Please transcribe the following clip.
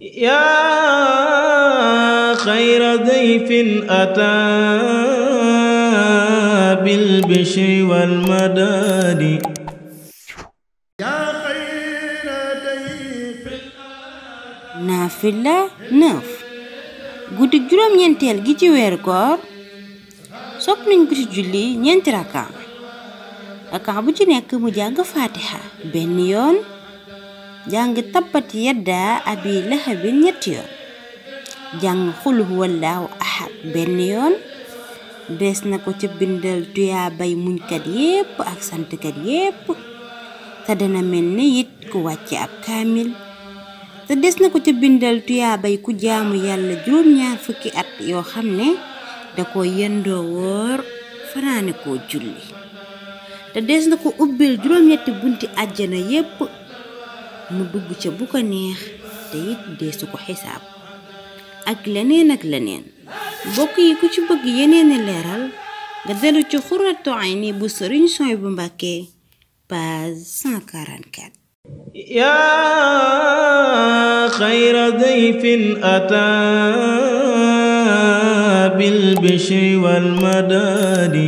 yaa xayra dayfin ataa bil bishri wal madaadi naafila juróom-ñeenteel gi ci weeru koor sopp nañ ko ci julli ñeenti rakka rakka bu ci nekk mu jàng faatiha benn yoon jàng tabbat yadda abi lahabin ñetti yoon jàng xul huwallaahu ahad benn yoon dees na ko ca bindal tuyaabay muñkat yépp ak santkat yépp te dana mel ni it ku wàcce ab kaamil te des na ko ca bindal tuyaabay ku jaamu yàlla juróom-ñaar fukki at yoo xam ne da ko yendoo woor fanaane koo julli te des na ko ubbil juróom-ñetti bunti àjjana yépp mu dugg ca bu ko neex te it xisaab ak leneen ak leneen mbokk ku ci bëgg yeneeni leeral nga dellu ci xurratu ayni bu sëriñ sooy bu mbàkke page 144 yaa xayra dayfin ataa bil bishri wal madaadi